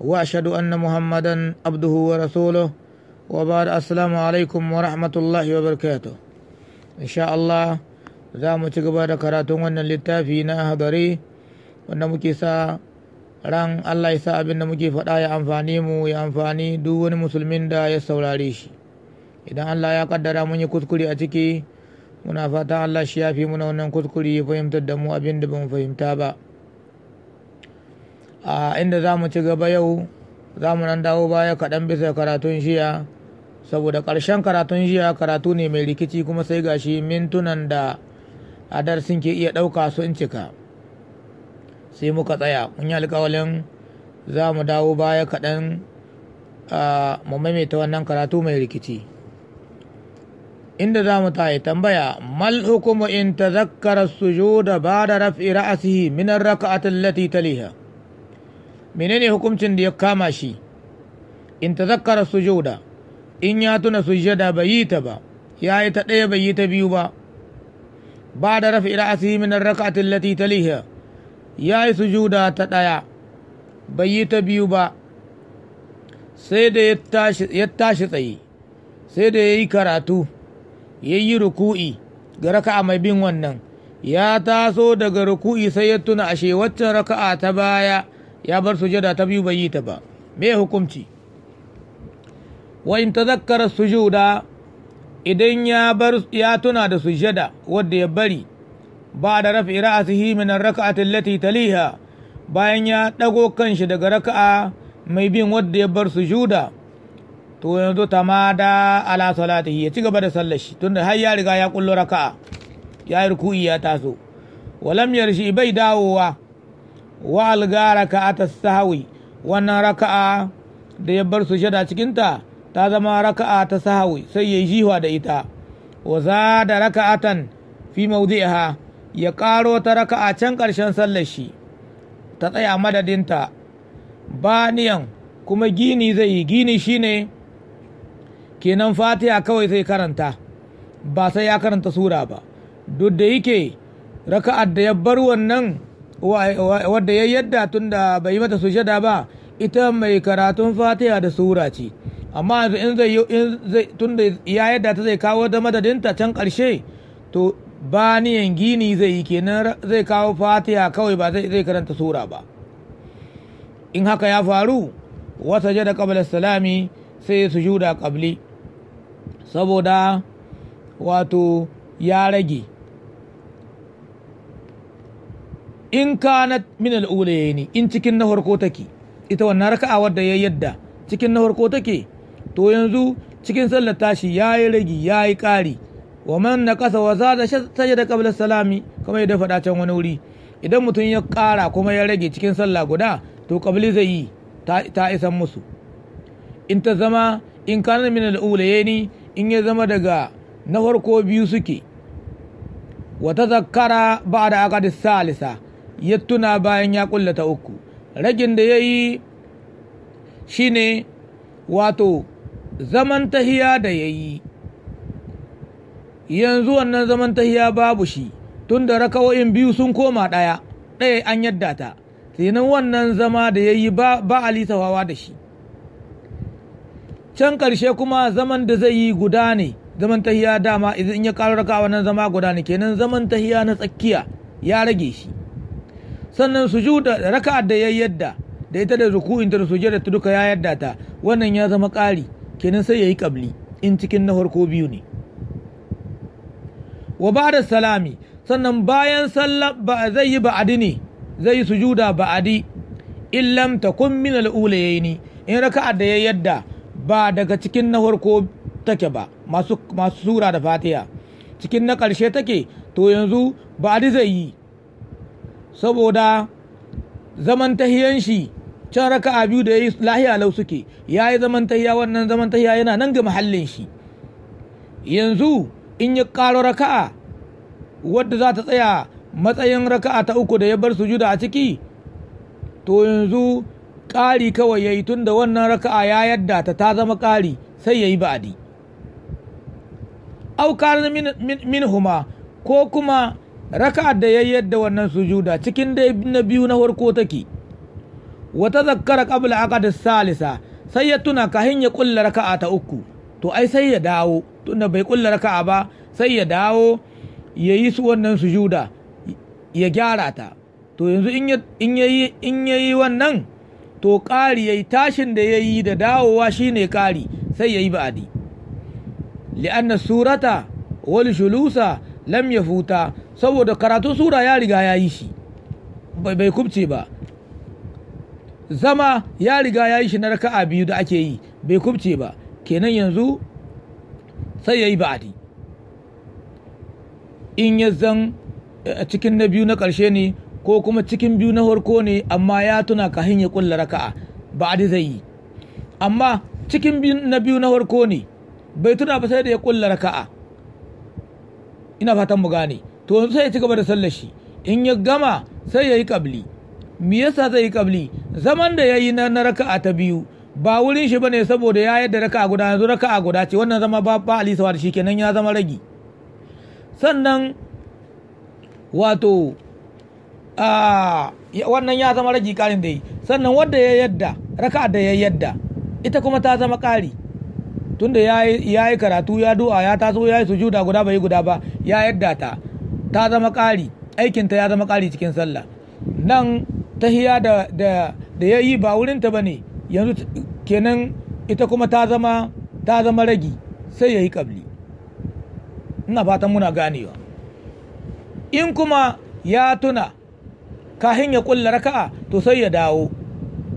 واشهد ان محمدا عبده ورسوله وبعد السلام alaikum wa الله wa ان شاء الله za mu ci gaba da karatun wannan littafi na hadari wanda muke sa ran Allah ya sa abin da muke faɗa ya amfani mu ya amfani duk wani musulmin da ya saurare shi idan Allah ya kaddara mun yi kuskure a ciki muna fata Allah shi ya fi muna wannan kuskure ya fahimtar da mu abin da bamu fahimta ba a inda za mu ci gaba yau za mu nan dawo baya kaɗan bisa karatun jiya saboda ƙarshen karatun jiya karatu ne mai rikici kuma sai gashi mintunan da a darsin ke iya ɗauka sun cika sai muka tsaya mun yi alƙawalin za mu dawo baya kaɗan mu maimaita wannan karatu mai rikici inda za mu yi tambaya mal hukumu in tazakkara da ba da raf'i ra'asihi min ar latitaliha menene hukuncin da ya kama shi in ta zakkara sujuda in ya tuna sujada bai yi ta ba ya yi ta ɗaya bai yi ta biyu ba ba da rafi ra'asihi min a rakati ta taliha ya yi sujuda ta ɗaya bai yi ta biyu ba sai da ya tashi tsaye sai da ya yi karatu ya yi ruku'i ga raka'a mai bin wannan ya taso daga ruku'i sai ya tuna ashe waccan raka'a ta baya ya bar sujada ta biyu bai yi ta ba me hukunci wa in tazakkara sujuda idan ya bar ya tuna da sujada wadda ya bari ba da rafi ra'asihi min ar-rak'ati allati taliha bayan ya dago kanshi daga raka'a mai bin wadda ya bar sujuda to yanzu tamada ala salatihi ya ci gaba da sallar shi tunda har ya riga ya kullo raka'a ya ruku'i ya taso walam yarshi bai dawowa wa al-gara-raka raka'ata sahawi wannan raka'a da ya bar sujada cikin ta ta zama raka'a ta sahawi sai ya jihwa da ita wa da raka'atan fi mawdi'iha ya karo ta raka'a can karshen sallar shi ta tsaya madadinta baniyan kuma gini zai yi gini shine kenan fatiha kawai zai karanta ba sai ya karanta sura ba duk da yake raka'ar da ya bar wannan wadda ya yadda tun da bai yi mata sujada ba ita mai karatun fatiha da sura ce amma in zai tun da ya yadda ta zai kawo da madadinta can ƙarshe to baniyan gini zai yi kenan zai kawo fatiha kawai ba zai karanta sura ba in haka ya faru wata jada kabla salami sai su juda kabli saboda wato ya rage in kanat min al in cikin na farko take ita wannan raka'a wadda ya yadda cikin na farko take to yanzu cikin sallar tashi yayi ragi yayi ƙari wa man naqasa wa zada sajada qabla salami kamar yadda faɗa can wani wuri idan mutum ya ƙara kuma ya rage cikin sallah guda to kabli zai yi ta isan musu in ta zama in kana min al ni in ya zama daga na farko biyu suke Wata wa tazakkara ba'da aqadis salisa ya tuna bayan ya kullata uku ragin da ya yi ne wato zaman tahiya da ya yi yanzu wannan zaman tahiya babu shi tun da rakawo'in biyu sun koma ɗaya ɗaya an yadda ta sinin wannan zama da ya yi ba a wawa da shi can karshe kuma zaman da zai yi guda ne zaman tahiya dama idan ya ƙara raka wannan zama guda ne kenan zaman tahiya na tsakiya ya rage shi sannan sujuda raka'ar da ya yadda da ita da ruku'in da sujada ta duka ya yadda ta wannan ya zama ƙari kenan sai yayi kabli in cikin na farko biyu ne wa ba'da salami sannan bayan sallah ba zai yi ba'adi ne zai yi sujuda ba'adi in lam takun min al-ulayaini in raka'ar da ya yadda ba daga cikin na farko take ba masu masu sura da fatiha cikin na karshe take to yanzu ba'adi zai yi saboda zaman tahiyan shi can raka'a biyu da yi lahiya lau suke yayi zaman tahiya wannan zaman tahiya yana nan ga mahallin shi yanzu in ya ƙaro raka'a wadda za ta tsaya matsayin raka'a ta uku da ya bar sujuda a ciki to yanzu ƙari kawai ya yi tun da wannan raka'a ya yadda ta ta zama ƙari sai ya yi ba'adi aukar min huma ko kuma raka'ar da yayi yadda wannan sujuda cikin dai na biyu na farko take wa zakkara qabla da salisa sai ya tuna kahin ya kulla raka'a ta uku to ai sai ya dawo tunda bai kulla raka'a ba sai ya dawo ya yi su wannan sujuda ya gyara ta to yanzu in ya yi wannan to ƙari ya tashin da yayi da dawowa shine ƙari sai yayi yi ba'adi li'anna surata wal julusa lam ya futa saboda karatun sura ya riga ya yi shi bai kubce ba zama ya riga ya yi shi na raka'a biyu da ake yi bai kubce ba kenan yanzu sai ya yi ba'adi in ya zan eh, cikin na biyu na ƙarshe ne ko kuma cikin biyu na harko ne amma ya tuna kahin ya kulla raka'a ba'adi zai yi amma cikin na biyu na harko ne bai tuna ba sai da ya kulla raka'a ina fatan mu gane to sai ya ci gaba da sallar shi in ya gama sai ya yi kabli me yasa zai yi kabli zaman da ya yi na raka'a ta biyu ba wurin shi bane saboda ya yadda raka'a guda yanzu raka'a guda ce wannan zama ba ba ali sawar shi kenan ya zama ragi sannan wato a wannan ya zama ragi karin da yi sannan wanda ya yadda raka'a da ya yadda ita kuma ta zama kari tunda ya yi karatu ya du'a ya taso ya yi sujuda guda bai guda ba ya yadda ta ta zama ƙari aikinta ya zama ƙari cikin sallah nan tahiya da da da ya yi ba wurinta ba ne yanzu kenan ita kuma ta zama ta zama ragi sai ya yi ƙabli ina fatan muna ganewa in kuma ya tuna kahin ya kulla raka'a to sai ya dawo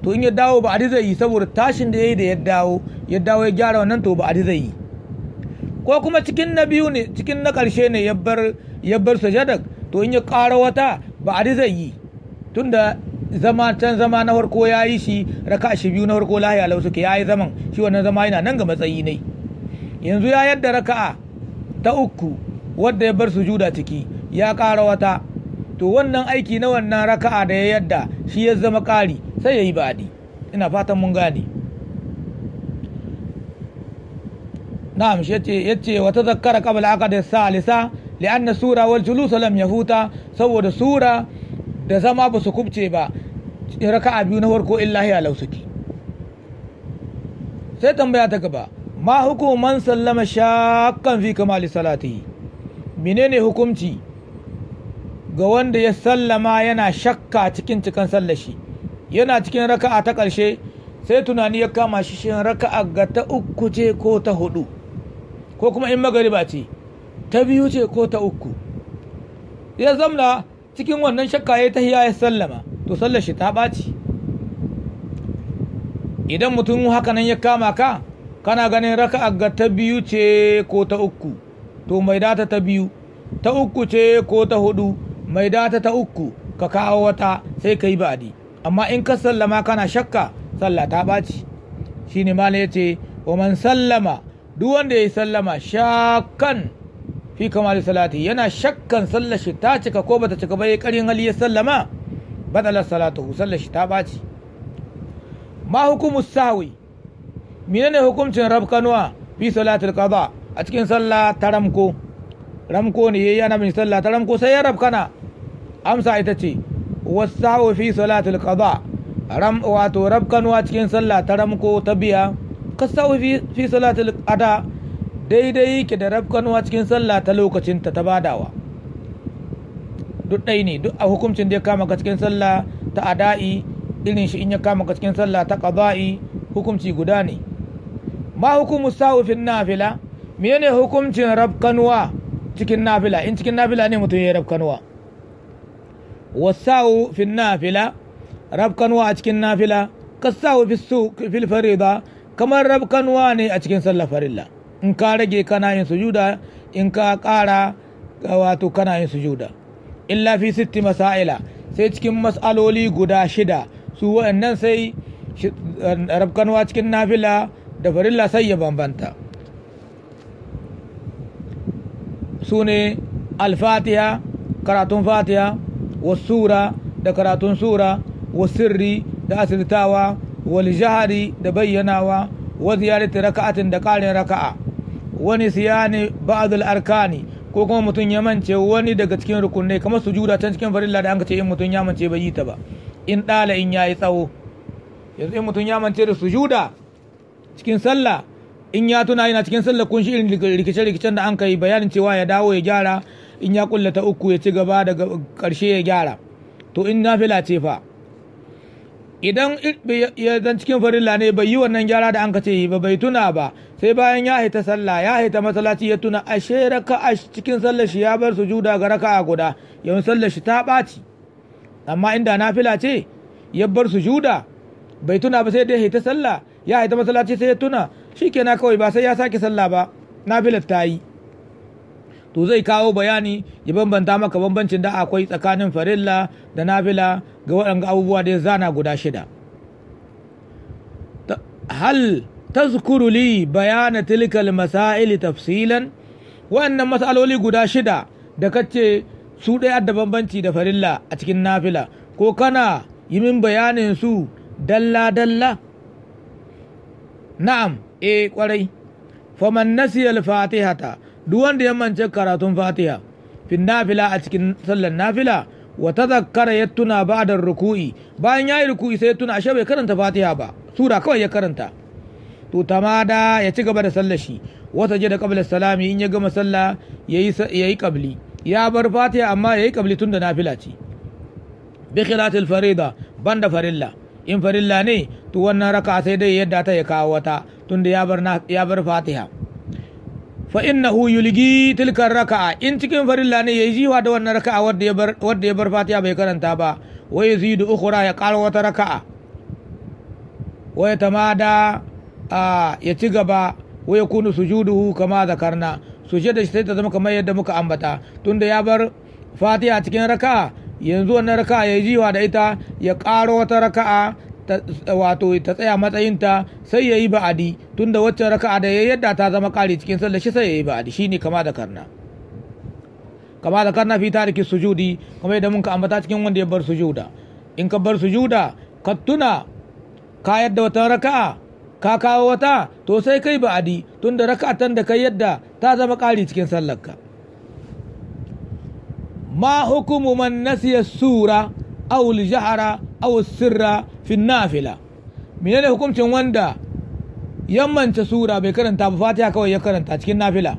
to in ya dawo ba zai yi saboda tashin da ya yi da ya dawo ya dawo ya gyara wannan to ba zai yi ko kuma cikin na biyu ne cikin na ƙarshe ne ya bar ya bar sajadar to in ya ƙara wata ba a zai yi tunda zama can zama na farko ya yi shi raka shi biyu na farko lahiya lau suke ya yi zaman shi wannan zama yana nan ga matsayi ne yanzu ya yadda raka'a ta uku wadda ya bar su juda ciki ya ƙara wata to wannan aiki na wannan raka'a da ya yadda shi ya zama ƙari sai ya yi baɗi ina fatan mun gane na'am shi yace yace wata zakkara qabla da salisa li'anna sura wal julus lam yahuta saboda sura da zama ba su kubce ba raka'a biyu na farko illahi alau suke sai tambaya ta gaba ma hukuman sallama shakkan fi kamali salatihi menene hukumci ga wanda ya sallama yana shakka cikin cikan sallashi yana cikin raka'a ta ƙarshe sai tunani ya kama shi shin raka'a ga ta uku ce ko ta hudu ko kuma in magariba ce ta biyu ce ko ta uku ya zamna cikin wannan shakka ya tahiya ya sallama to sallar shi ta baci. idan mutum haka nan ya kama ka kana ganin raka'a ga ta biyu ce ko ta uku to mai data ta biyu ta uku ce ko ta hudu mai data ta uku ka kawo wata sai ka yi ba'adi amma in ka sallama kana shakka sallah ta ɓaci shine malam ya ce wa man sallama duk wanda ya sallama shakkan fi kamali salati yana shakkan sallar shi ta cika ko bata cika ba ya karin hali ya sallama badalar salatu sallar shi ta ɓaci ma hukumu sahwi menene hukuncin rabkanuwa fi salatul qada a cikin sallah ta ramko ramko ne yayi yana min sallah ta ramko sai ya rabkana amsa ita ce wasahu fi salatul qada ram wato rabkanuwa cikin sallah ta ramko ta biya kasahu fi salatul qada daidai yake da rabkanuwa cikin sallah ta lokacin ta ta badawa duk ɗai ne duk a hukuncin da ya kama ka cikin sallah ta ada'i irin shi in ya kama ka cikin sallah ta qada'i hukunci guda ne ma hukumu sawu fin nafila menene hukuncin rabkanuwa cikin nafila in cikin nafila ne mutum ya wa wasawu fi nafila rabkanuwa a cikin nafila fi fil farida kamar rabkanuwa ne a cikin sallah farilla in ka rage kana yin sujuda in ka ƙara wato kana yin sujuda illa fi sitti masaila sai cikin mas'aloli guda shida su wa'annan sai rabkanwa cikin nafila da farilla sai ya bambanta su ne alfatiya karatun fatiya wasura da karatun sura wasirri da asirtawa waljahari da bayyanawa wa ziyarati raka'atin da ƙarin raka'a wani siyani ba'adul arkani ko kuma mutum ya mance wani daga cikin rukunai kamar sujuda can cikin farilla da an ce in mutum ya mance bai yi ta ba in dala in yayi tsawo yanzu in mutum ya mance da sujuda cikin sallah in ya tuna yana cikin sallah kun shi rikice-rikicen da an yi bayanin cewa ya dawo ya gyara in ya kullata uku ya ci gaba daga karshe ya gyara to in nafila ce fa idan zan cikin farilla ne bai yi wannan gyara da an ka ce ba bai tuna ba sai bayan ya haita sallah ya haita masallaci ya tuna ashe raka a cikin sallar shi ya bar sujuda ga a guda yawan sallar shi ta ɓaci amma inda fila ce ya bar sujuda bai tuna ba sai dai haita sallah ya haita masallaci sai ya tuna shi kenan kawai ba sai ya sake sallah ba na fila ta yi to zai kawo bayani ya bambanta maka bambancin da akwai tsakanin farilla da nafila ga waɗanga abubuwa da ya zana guda shida hal ta li bayana tilkal masaili tafsilan waɗannan matsaloli guda shida da kace su ɗaya da bambanci da farilla a cikin nafila ko kana yi min bayanin su dalla-dalla na'am eh kwarai faman nasiyar fatihata duk wanda ya mance karatun fatiha fin nafila a cikin sallar nafila wa tazakkara ya tuna ba da ruku'i bayan yayi ruku'i sai ya tuna ashe bai karanta fatiha ba sura kawai ya karanta to tamada ya ci gaba da sallashi. shi wata je da kabilar salami in ya gama sallah ya yi kabli ya bar fatiha amma ya yi tun tunda nafila ce bi khilatil farida banda farilla in farilla ne to wannan raka sai dai yadda ta ya kawo wata tunda ya ya bar fatiha fa hu yulgi tilka raka'a in cikin farilla ne yayi jiwa da wannan raka'a wadda ya bar Fatiya bai karanta ba wa yazidu ukhra ya qala wata raka'a wa yatamada ya ci gaba wa yakunu sujuduhu kama zakarna da shi sai ta zama kamar yadda muka ambata tunda ya bar fatiha cikin raka'a yanzu wannan raka'a yayi jiwa da ita ya ƙaro wata raka'a wato ta tsaya matsayinta sai ya yi ba'adi tunda wacce raka'a da ya yadda ta zama kari cikin sallar shi sai ya ba'adi shine kama da karna kama da karna fi tariki sujudi kuma idan mun ka ambata cikin wanda ya bar sujuda in ka bar sujuda ka tuna ka yadda wata raka'a ka kawo wata to sai kai ba'adi tunda tan da kai yadda ta zama kari cikin sallarka ma hukumu man nasiya sura aw jahara aw sirra fi nafila menene hukuncin wanda yammance sura bai karanta ba fatiha kawai ya karanta cikin nafila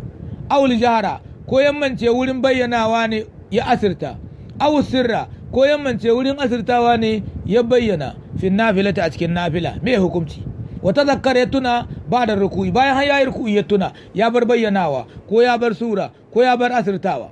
aw jahara ko yammance wurin bayyanawa ne ya asirta aw sirra ko yammance wurin asirtawa ne ya bayyana fi nafilata a cikin nafila me hukunci wata zakkar ya tuna ba da ruku'i bayan har yayi ruku'i ya tuna ya bar bayyanawa ko ya bar sura ko ya bar asirtawa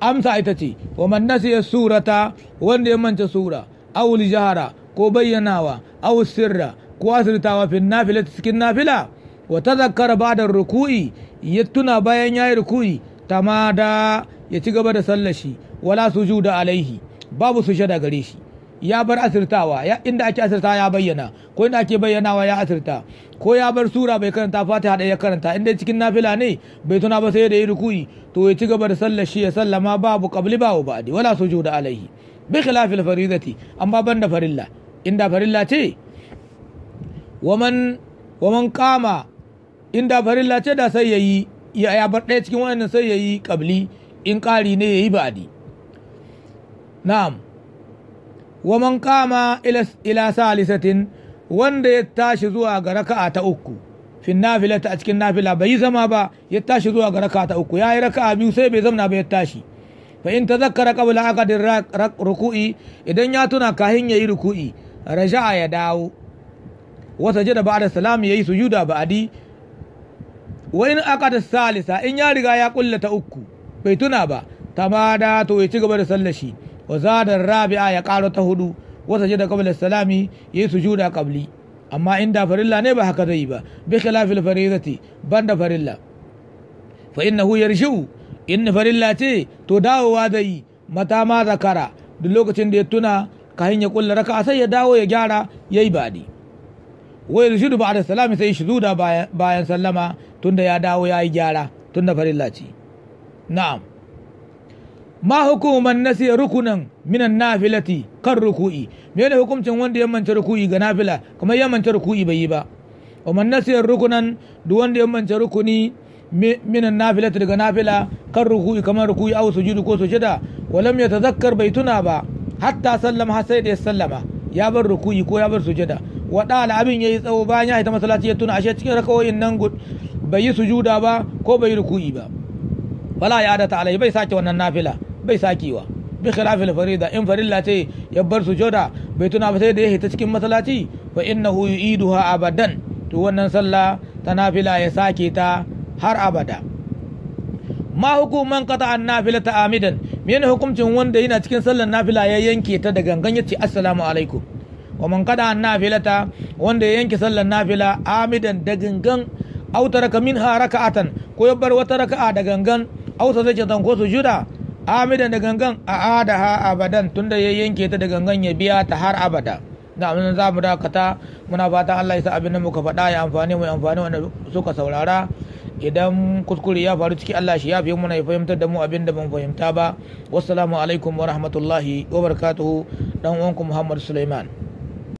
amsa ita ce wa man nasiya surata wanda ya manta sura awul jahara ko bayyanawa aw sirra ko asirtawa fi nafila cikin nafila wa tazakkara ba'da ruku'i ya tuna bayan yayi ruku'i tamada ya ci gaba da sallashi wala sujuda alaihi babu sujada gare shi ya bar asirtawa ya inda ake asirtawa ya bayyana ko inda ake bayyanawa ya asirta ko ya bar sura bai karanta fatiha da ya karanta inda cikin nafila ne bai tuna ba sai da yi rukuyi to ya ci gaba da sallar shi ya sallama babu qabli babu ba'di wala sujuda alaihi bi khilafil faridati amma banda farilla inda farilla ce waman waman kama inda farilla ce da sai yayi ya bar ɗaya cikin wannan sai yayi qabli in ƙari ne yayi ba'di na'am waman kama ila ila salisatin wanda ya tashi zuwa ga raka'a ta uku fin nafila ta a cikin nafila bai yi zama ba ya tashi zuwa ga raka'a ta uku ya yi raka'a biyu sai bai zama ba ya tashi fa in tazakkara qabla aqdin ruku'i idan ya tuna kahin yayi ruku'i raja'a ya dawo wa sajada ba'da salam yayi sujuda ba'di wa in aqada salisa in ya riga ya ta uku bai tuna ba tamada to ya ci gaba da sallashi wa zada rabi'a ya ƙara ta hudu wata jada kabla salami ya yayi sujuda kabli amma inda farilla ne ba haka zai yi ba bi khilafil farizati banda farilla fa innahu yarshu in farilla ce to dawowa zai yi mata ma zakara duk lokacin da ya tuna kahin ya kulla raka sai ya dawo ya gyara yayi badi wa a da salami sai shuzuda bayan sallama tunda ya dawo yayi gyara tunda farilla ce na'am ma hukuman nasi rukunan minan nafilati kan ruku'i mene hukuncin wanda ya manta ruku'i ga nafila kamar ya manta ruku'i bai yi ba wa man nasi rukunan duk wanda ya manta rukuni minan nafilati daga nafila kan ruku'i kamar ruku'i aw sujudu ko sujada wa lam yatazakkar bai tuna ba hatta sallama har da ya sallama ya bar ruku'i ko ya bar sujada wada abin yayi tsawo bayan ya haita masallaci ya tuna ashe cikin rakawoyin nan bai yi sujuda ba ko bai yi ruku'i ba wala ya adata sake wannan nafila bai sakewa bi khilafil farida in farilla ce ya bar su sujuda bai tuna ba sai da ya hita cikin masallaci fa innahu yu'iduha abadan to wannan sallah ta nafila ya sake ta har abada ma hukuman qata an nafila ta amidan mene hukumcin wanda yana cikin sallar nafila ya yanke ta da gangan yace assalamu alaikum wa man qada an nafilata wanda ya yanke sallar nafila amidan da gangan aw taraka minha raka'atan ko ya bar wata raka'a da gangan aw ta zace tan ko sujuda amidan da gangan a adaha abadan tunda ya yanke ta da gangan ya biya ta har abada da amin za mu dakata muna fatan Allah ya sa abin da muka faɗa ya amfani mu amfani wanda suka saurara idan kuskure ya faru ciki Allah shi ya fi muna ya fahimtar da mu abin da ban fahimta ba wassalamu alaikum wa rahmatullahi wa barakatuhu dan uwanku Muhammad Sulaiman